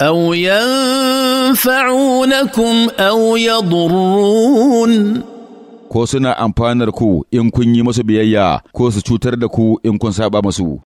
أو ينفعونكم أو يضرون ko suna amfanar ku in kun yi masu biyayya ko su cutar da ku in kun saba masu